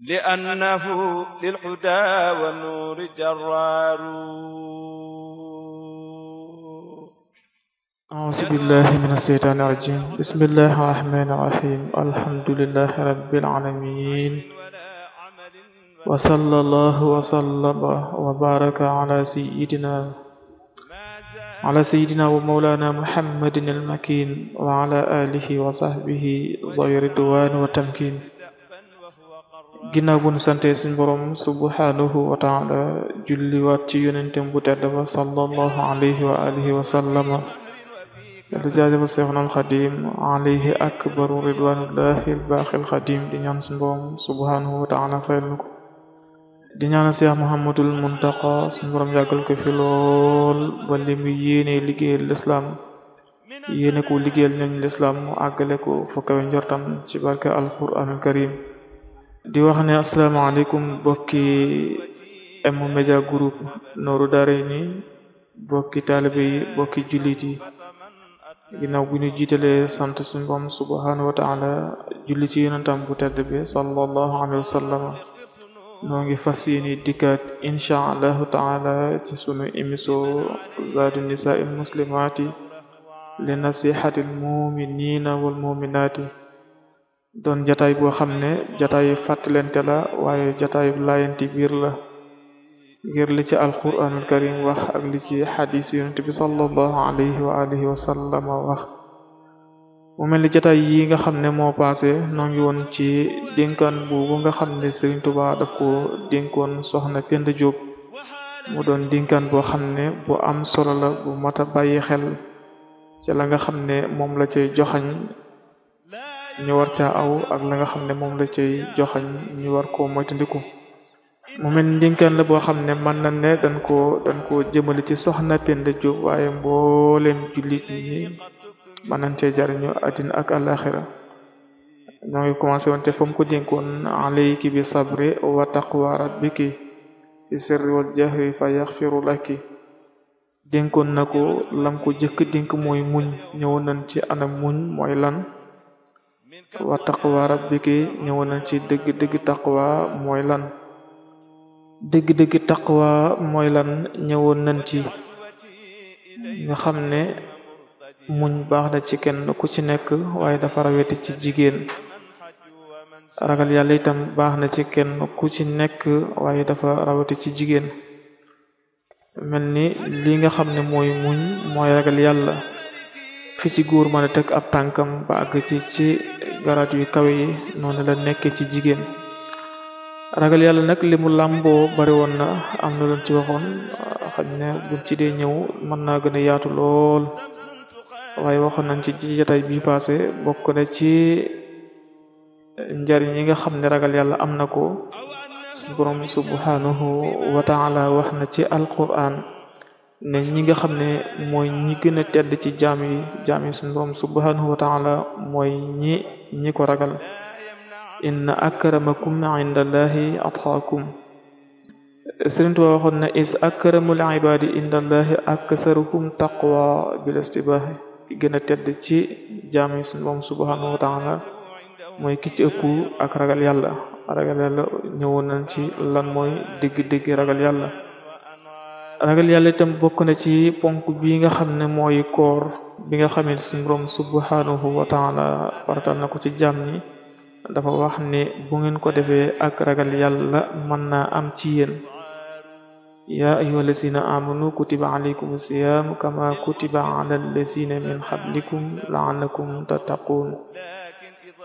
لأنه للحدى والنور جرار أعوذ بالله من الشيطان الرجيم بسم الله الرحمن الرحيم الحمد لله رب العالمين وصلى الله وسلم وبارك على سيدنا على سيدنا ومولانا محمد المكين وعلى آله وصحبه ذوي الرضوان والتمكين ginnaaw bu nu sante suñ borom subhanahu wa taala julliwaat ci yonentem bu tedd ba sallallahu alayhi wa alihi wa sallama yàlla jaajëfa seexna alxadim alayhi akbaru ridwanullahi albaaxil xadim di ñaan suñ borom subhanahu wa taala fayal nu ko di ñaana seex muhammadul muntaqa suñ borom yàggal ko fi lool ba li mu yéene liggéeyal lislaam yéene ko liggéeyal ñooñ lislaam mu àggale ko fa kawe njortam ci barke alquranul karim di wax ne asalaamaaleykum bokki M Media Group nooru daare bokki taalibe bokki jullit yi ginnaaw bu ñu jiitalee sant suñu borom subhaanahu wa taala julli ci yonentam bu tedd bi sallallahu ngi fas yéeni dikkaat incha allahu taala ci sunu émission zaadu nisaa muslimaati li nasihati al wal muminaati doon jataay boo xam ne jataay fàttalente la waaye jataay laayanti biir la ngir li ci alquranul karim wax ak li ci xadis yonent bi sallallahu alayhi wa alihi wa sallam wax mu mel ni jataay yi nga xam ne moo paase noo ngi woon ci dénkaan boobu nga xam ne Serigne Touba daf ko dénkoon soxna Penda Diop mu doon dénkaan boo xam ne bu am solo la bu mat a bàyyi xel ci la nga xam ne moom la cay joxañ ñu war caa aw ak la nga xam ne moom la cay joxañ ñu war koo moytandiku mu mel ndinkaan la boo xam ne mën na ne dañ koo dañ ci soxna da Diop waaye mbooleem jullit ñi mën nañ cee jariñu àddina ak àllaaxira ñoo ngi commencé woon te fa mu ko dénkoon alayki bi sabri wa taqwa rabbiki fi sirri wal jahri fa yaxfiru laki dénkoon na ko lam ko jëkk dénk mooy muñ ñëwoon nañ ci anam muñ mooy lan wa taqwa rabbiki ñëwoon nañ ci dégg dégg taqwa mooy lan dëgg dëgg mooy lan ñëwoon nañ ci nga xam ne muñ baax na ci kenn ku ci nekk waaye dafa raweti ci jigéen ragal yàlla itam baax na ci kenn ku ci nekk waaye dafa raweti ci jigéen mel ni li nga xam ne mooy muñ mooy ragal yàlla fi ci góor mën a teg ab tànkam ba àgg ci ci garaat yu kawe yi noonu la nekk ci jigéen ragal yàlla nag limu làmboo bari woon na am na loon ci waxoon xam ne buñ ci dee ñëw mën naa gën a yaatu lool waaye waxoon nañ ci jataay bi passé bokk na ci njariñ yi nga xam ne ragal yàlla am na ko suñu borom subhanahu wa taala wax na ci alquran ne ñi nga xam ne mooy ñi gën a tedd ci jaam yi jaam yi suñu borom subhanahu wa mooy ñi ñi ko ragal inna akramakum inda allahi atqaakum Sëriñ Tuubaa waxoon na is akramul ibaadi inda allahi aksaruhum taqwa bil istibaahi ki a tedd ci jaam moom subhanahu wa mooy ki ci ëpp ak ragal yàlla ragal yàlla ñëwoon ci lan mooy digg digg ragal yàlla ragal yàlla itam bokk na ci ponk bi nga xam ne mooy koor bi nga xam ne suñu borom subhanahu wa taala faratal na ko ci jàmm ñi dafa wax ne bu ngeen ko defee ak ragal yàlla man naa am ci yéen yaa na allazina amanu kutiba alaykum siyam kama kutiba ala allazina min qablikum la'allakum tattaqun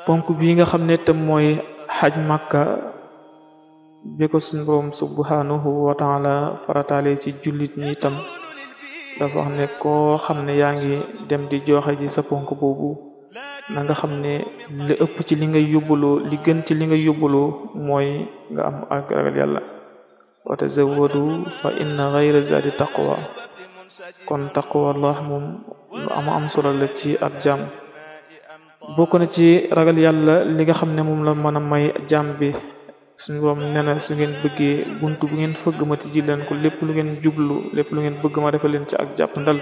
ponk bi nga xam ne itam mooy xaj makka bi ko suñ borom subhanahu wa taala farataale ci jullit ñi itam dafa ne koo xam ne yaa ngi dem di joxe ji sa ponk boobu na xam ne li ëpp ci li nga yóbbaloo li gën ci li nga yóbbaloo mooy nga am ak ragal yàlla wa tazawwadu fa inna ghayra zadi taqwa kon taqwa allah moom lu ama am solo la ci ab jaam bokk na ci ragal yàlla li nga xam ne moom la mën a may jaam bi suñu borom nee na su ngeen bëggee bunt bu ngeen fëgg ma tijji leen ko lépp lu ngeen jublu lépp lu ngeen bëgg ma defa leen ci ak jàpp ndal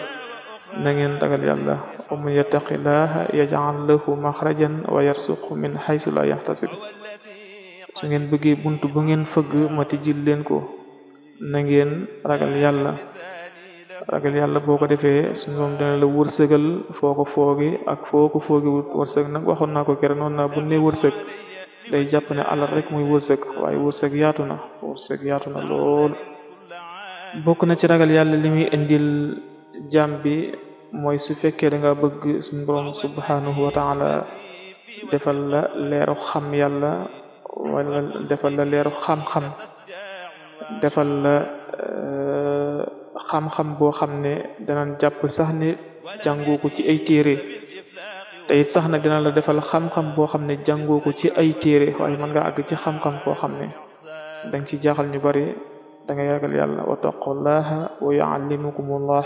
na ngeen ragal yàlla wa man yattaqillaha yaj'al lahu maxrajan wa yarsuqhu min haysu la yahtasib su ngeen bëggee bunt bu ngeen fëgg ma tijji leen ko na ngeen ragal yàlla ragal yàlla boo ko defee su borom dina la wërsëgal foo ko foogi ak foo ko foogi wërsëg nag waxoon naa ko keroog noonu naa bu ne wërsëg day jàpp ne alal rek muy wërsëg waaye wërsëg yaatu na wërsëg na lool bokk na ci ragal yàlla li muy indil jàmm bi mooy su fekkee da bëgg suñ borom subhanahu wa taala la leeru xam yàlla wala la leeru xam-xam la euh, xam-xam boo xam ne danañ jàpp sax ne jàngoo ko ci ay téere te sax na dina la defal xam-xam boo xam ne jàngoo ko ci ay téere waaye mën nga àgg ci xam-xam boo xam ne danga ci jaaxal ñu bari dangay nga ragal yàlla wa taqullaha wa yuallimukumullah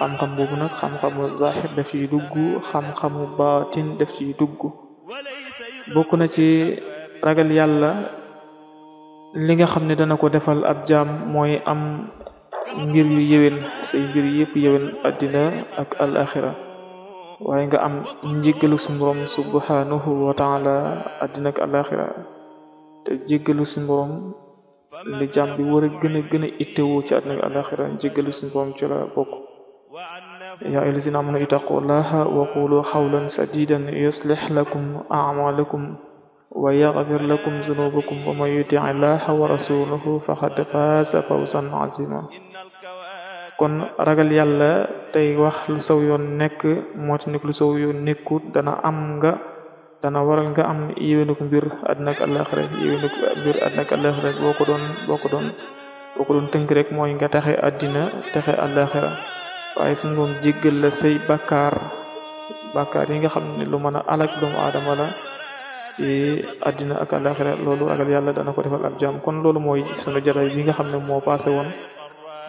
xam-xam boobu nag xam-xamu zahir daf ciy dugg xam-xamu baatin daf ciy dugg bokk na ci ragal yàlla li nga xam ne dana ko defal ab jaam mooy am mbir yu yëwén say mbir yëpp yëwén addina ak al waaye nga am njéggalu suñu borom subhanahu wa taala àddina ak te jéggalu suñu borom li jàmm bi war a gën a gën a ittewoo ci àddina ak alaxira jéggalu suñu borom ci la bokk yaa ayyuhallazina amanu ittaqullaha wa qulu qawlan sadidan yuslih lakum a'malakum wa yaghfir lakum dhunubakum wa man yuti'i llaha wa rasulahu faqad faza fawzan 'azima kon ragal yàlla tey wax lu saw yoon nekk moo te nekk lu saw yoon nekkut dana am nga dana waral nga am yéwénuk mbir àddina ak àllaxira yéwénuk mbir àddina boo ko doon boo ko doon boo ko tënk rek mooy nga texe àddina texe àllaxira waaye suñ boom jéggal la say bakkaar bakkaar yi nga xam ne lu mën a alak doomu aadama la ci àddina ak àllaxira loolu ragal yàlla dana ko defal ab jaam kon loolu mooy sunu jataay bi nga xam ne moo passé woon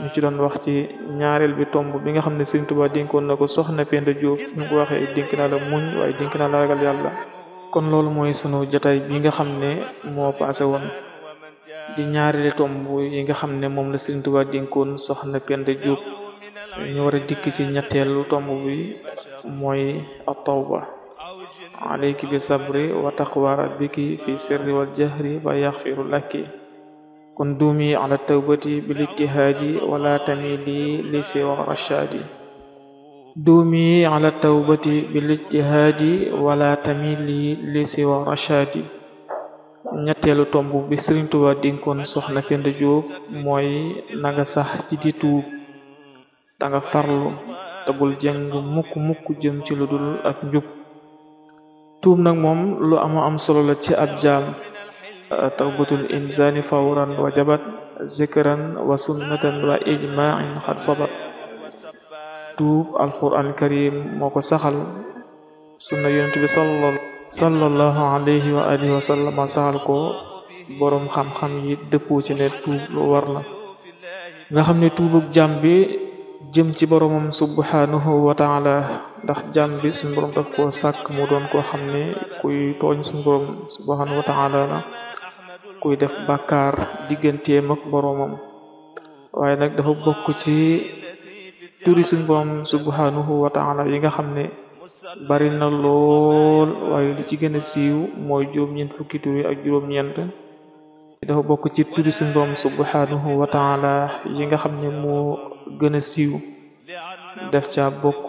ñu ci doon wax ci ñaareel bi tomb bi nga xam ne Sëriñ Tuubaa dénkoon na ko soxna Penda jóob ñu ko waxee dénk naa la muñ waaye dénk naa la ragal yàlla kon loolu mooy sunu jotaay bi nga xam ne moo passé woon di ñaareeli yi nga xam ne moom la Sëriñ Tuubaa dénkoon soxna Penda Diop ñu war a dikk ci ñetteelu tomb bi mooy at-tawba alayki bi sabri wa taqwa rabbiki fi sirri wal jahri fa yaxfiru laki kon duumi ala tawbati bil ijtihaadi wala tamili li siwa rashaadi duumi ala tawbati bil ijtihaadi wala tamili li siwa rashaadi ñetteelu tomb bi Sëriñ Tuubaa dénkoon soxna Penda Jóob mooy nanga sax ci di tuub danga farlu te bul mukk mukk jëm ci ludul dul ak njub tuub nag moom lu ama am solo la ci ab jaam tawbatul insani fawran wajabat zikran wa sunnatan wa ijma'in xad sabat tuub alquran karim moo ko saxal sunna yonent bi sal sallallahu alayhi wa alihi ko boroom xam-xam yi dëppoo ci ne tuub lu war na nga xam ne tuubug jàmm bi jëm ci boromam subhanahu wa taala ndax jàmm bi suñ borom daf koo sàkk mu doon koo xam ne kuy tooñ suñ borom subhanahu wa taala kuy def bàkkaar digganteem ak boroomam waaye nag dafa bokk ci turi suñ borom subhanahu wa yi nga xam ne bari na lool waaye li ci gën siiw mooy juróom-ñeent fukki turi ak juróom-ñeent dafa bokk ci turi suñ borom subhanahu wa yi nga xam ne moo gën a siiw def ca bokk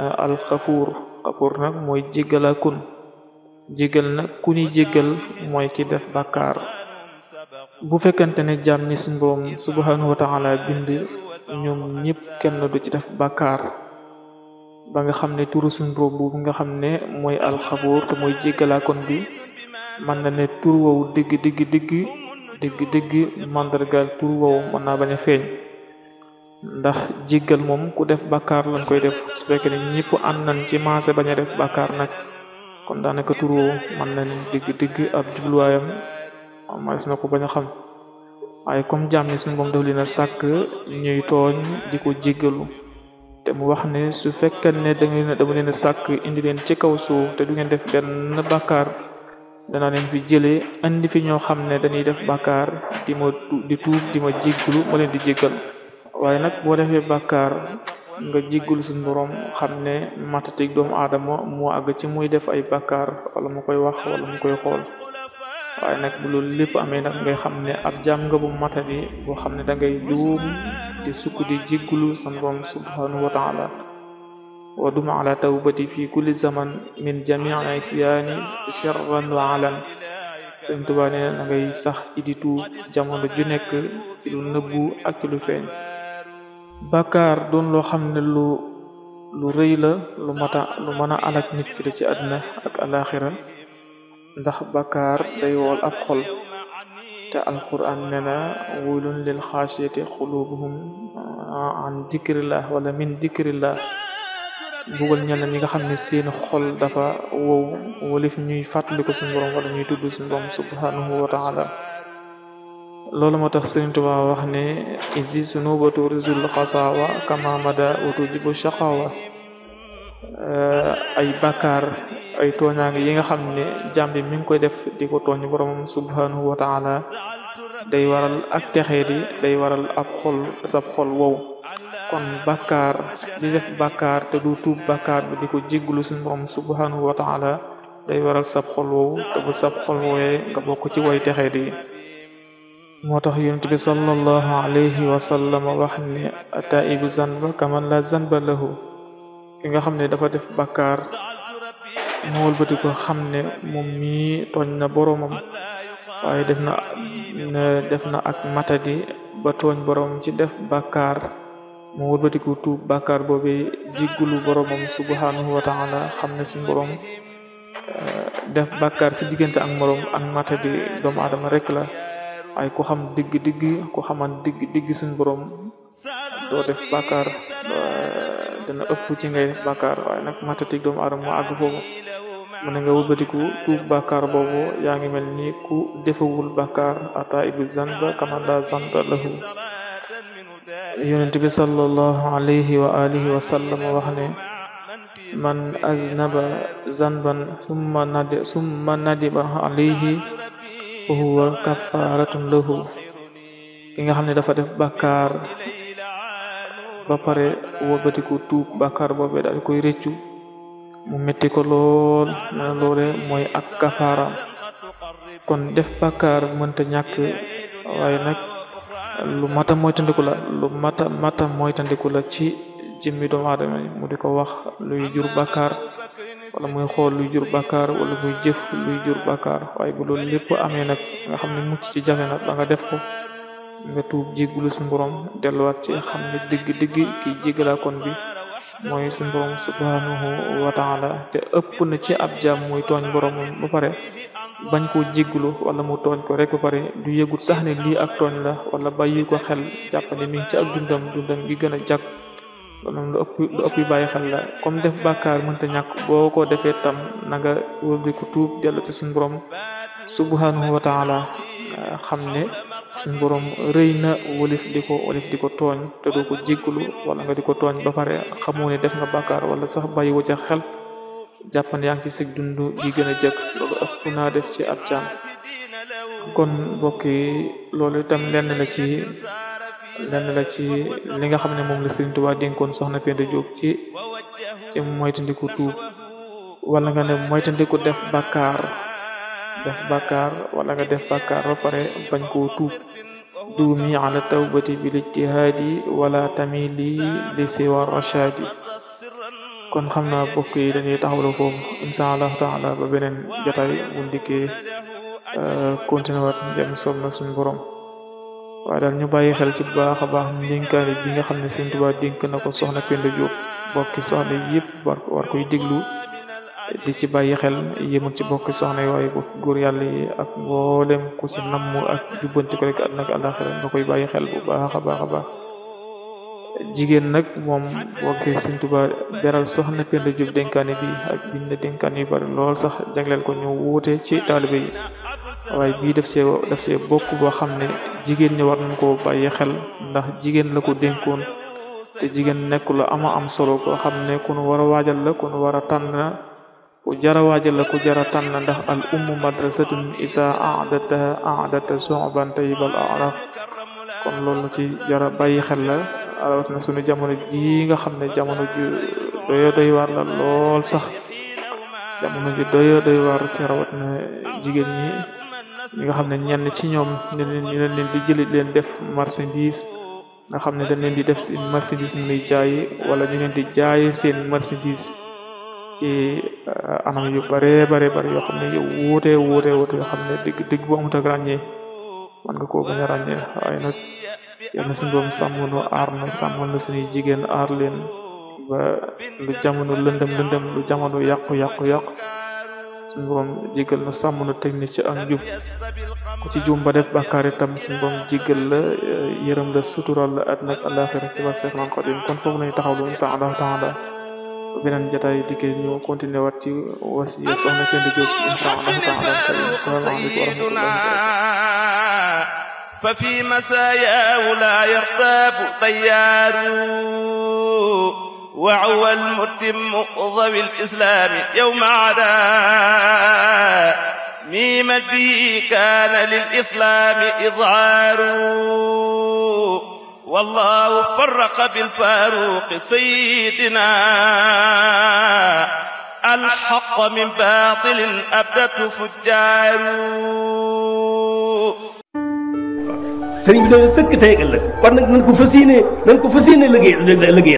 euh, alxafuur xafuur nag mooy jéggalaa jégal nag ku ni jégal mooy ki def bàkkaar bu fekkente ne jàmm ni suñ boom subhanahu wa taala bind ñoom ñëpp kenn du ci def bàkkaar ba nga xam ne turu suñ boom boobu nga xam ne mooy alxafoor te mooy jégalaakoon bi mën na ne tur woowu dëgg dëgg dëgg dëgg dëgg màndargaal tur woowu mën naa baña a feeñ ndax jéggal moom ku def bàkkaar lañ koy def su fekkee ne ñëpp ànd nañ ci maase bañ a def bàkkaar nag kon daanaka tur man na nañu digg digg ab jubluwaayam manes na ko bañ a xam waaye comme jaam ni suñu daf leen a sàkk ñuy tooñ di ko jéggalu te mu wax ne su fekkee ne da ngeen dama leen a sàkk indi leen ci kaw suuf te du ngeen def benn bàkkaar dana leen fi jëlee indi fi ñoo xam ne dañuy def bàkkaar di ma di tuub di ma jéggalu ma leen di jéggal waaye nag boo defee bàkkaar nga jiggul suñ borom xam ne matatik doomu aadama moo àgg ci muy def ay bàkkaar wala mu koy wax wala mu koy xool waaye nag bu loolu lépp amee nag ngay xam ne ab jaam nga bu matadi boo xam ne dangay ngay di sukk di jiggulu sa borom subhanahu wa taala wa duma ala tawbati fi kulli zaman min jamii isyaani sirran wa alan sëñ Tuubaa nee na sax ci di tuub jamono ju nekk ci lu nëbbu ak ci feeñ bàkkaar doon loo xam ne lu lu rëy la lu mata lu mën a alak ki la ci àddina ak alaxira ndax bàkkaar day wool ak xol te alquran ne na wulun lil xaasiyati xulubuhum an dikrillah wala min dikrillah bugal ñel ñi nga xam ne seen xol dafa wow walif ñuy fàttali ko suñu borom wala ñuy tudd suñu borom wa taala loolu moo tax Sëriñ Tuubaa wax ne isi sunuba turizul xasawa kama mada utujibu shaqawa eh, ay bakkaar ay tooñaange yi nga xam ne jàmm bi mi ngi koy def di ko tooñ borom subhanahu wa taala day waral ak texee di day waral ab xol sab xol wow kon bakkaar di def bakkaar te du tuub bakkaar bi di ko jégglu suñu borom subhanahu wa taala day waral sab xol wow te bu sab xol woowee nga bokk ci way texee di moo tax yonent bi sallallahu alayhi wa sallam wax ne ataibu zanba kaman la zanba lahu ki nga xam ne dafa def bakkaar mu wëlbati ko xam ne moom mii tooñ na boromam waaye def na def na ak matadi ba tooñ boromam ci def bakkaar mu wëlbati ko tuub bakkaar boobee jiggulu boromam subhanahu wa taala xam ne suñu borom eh, def bakar si diggante ak morom ak matadi doomu aadama rek la waaye ku xam dëgg dëgg ku xaman dëgg dëgg suñ borom doo def bàkkaar dana ëpp ci ngay def bàkkaar waaye nag matatik doomu aadama moo àgg foofu mu ne nga wëlbatiku tuub bàkkaar boobu yaa ngi mel ni ku defewul bàkkaar ata ibu zanba kamanda zanba lahu yonent bi sallallahu alayhi wa alihi wa sallam wax man aznaba zanban summa nadi alayhi fa huwa kafaratun lahu nga xam ne dafa def bàkkaar ba pare wëlbatiku tuub bàkkaar boobee daal koy rëccu mu metti ko lool na loole mooy ak kafaaram kon def bàkkaar mënta ñàkk waaye nag lu mata moytandiku la lu mata mata moytandiku la ci jëmmi doomu aadama mu di wax luy jur bàkkaar wala mooy xool luy jur bàkkaar wala muy jëf luy jur bàkkaar waaye bu loolu lépp amee nag nga xam ne mucc ci jafe nag ba nga def ko nga tuub jéggulu suñu borom delluwaat ci xam ne dëgg dëgg ki jéggalaa kon bi mooy suñu borom subhanahu wa te ëpp na ci ab jam mooy tooñ borom ba pare bañ koo jéggulu wala mu tooñ ko rek ba pare du yëgut sax ne lii ak tooñ la wala bàyyi ko xel jàpp ne mi ci ab dundam dundam gi gën a jàkk loolu moom lu ëpp lu bàyyi xel la kom def bàkkaar mënta ñàkk boo ko defee tam na nga wëlbiku tuub dellu ci subu borom subhanahu wa taala xam ne suñu borom rëy na wolif di ko di ko tooñ te doo ko jéggulu wala nga di tooñ ba pare xamoo ne def nga bàkkaar wala sax bàyyi wu xel jàppan yaa ci sëg dund gi gën a jëkk loolu def ci ab jaam kon mbokk yi itam lenn la ci lenn la ci li nga xam ne moom la Sëriñ Tuubaa dénkoon soxna Penda Diop ci ci moytandiku tuub wala nga ne moytandiku def bàkkaar def bàkkaar wala nga def bàkkaar ba pare bañ koo tuub duumi ala tawbati bil ijtihaadi wala tamili li siwa rashadi kon xam naa bokk yi dañuy taxawlu foofu insha allah taala ba beneen jataay bu ndikkee euh, continué waat jëm soob na suñu borom waa daal ñu bàyyi xel ci baax a baax ndénkaane bi nga xam ne Sëriñ Tuubaa dénk na ko soxna Penda Diop bokki soxna yëpp war war koy déglu di ci bàyyi xel yëmul ci bokki soxna yi waaye bokki góor yàlla yi ak mboolem ku ci namm ak jubbanti ko rek àdduna ak àllaaxira koy bàyyi xel bu baax a baax a baax jigéen nag moom boo gisee Sëriñ Tuubaa beral soxna Penda Diop dénkaane bi ak biñ na dénkaan lool sax jagleel ko ñu wuute ci taalibe yi waay bi def see def see bokk boo xam ne jigéen ñi war nañ koo bàyyi xel ndax jigéen la ko dénkoon te jigéen nekk lu ama am solo koo xam ne ku nu war a waajal la ku nu war a tànn ku jara waajal la ku jara tànn ndax al ummu madrasatun isa aadataha aadata soban tayyibal arab kon loolu ci jara bàyyi xel la suñu jamono ji nga xam ne jamono ju doyo doy la lool sax jamono ji doyo doy waar ci rawat na jigéen ñi ñi nga xam ne ñenn ci ñoom ñu leen leen di jëli leen def marchandise nga xam ne dañ leen di def seen marchandise mu nuy jaayi wala ñu leen di jaaye seen marchandise ci uh, anam yu bare bare bare yoo xam ne yu wuute wuute wuute yoo xam ne dëgg dëgg bu amut ak ràññee man nga koo bañ a ràññee waaye nag yal na suñu doom sàmm nu aar na sàmm na suñuy jigéen aar leen ba lu jamono lëndëm lëndëm lu jamono yàqu yàqu yàqu suñu borom jéggal na sàmm na technique ci ak jub ku ci jum ba def bàkkaar itam suñu borom jéggal la eh, yërëm la sutural la at nag àlaxira ci ba Seexul Xadiim kon foofu lañu taxaw ba insha Allah taala beneen jotaay dikkee ñu continuer waat ci wasiya soxna Penda Diop insha Allah taala salaamaaleykum wa rahmatullahi fa fi masaaya la yartabu tayyaaru وهو المتم ذوي الإسلام يوم عدا ميم بي كان للإسلام إظهار والله فرق بالفاروق سيدنا الحق من باطل أبدته فجار sëriñ bi de sëkk tey ëllëg kon nag nañ ko fas yéene nañ ko fas yéene liggéey liggéey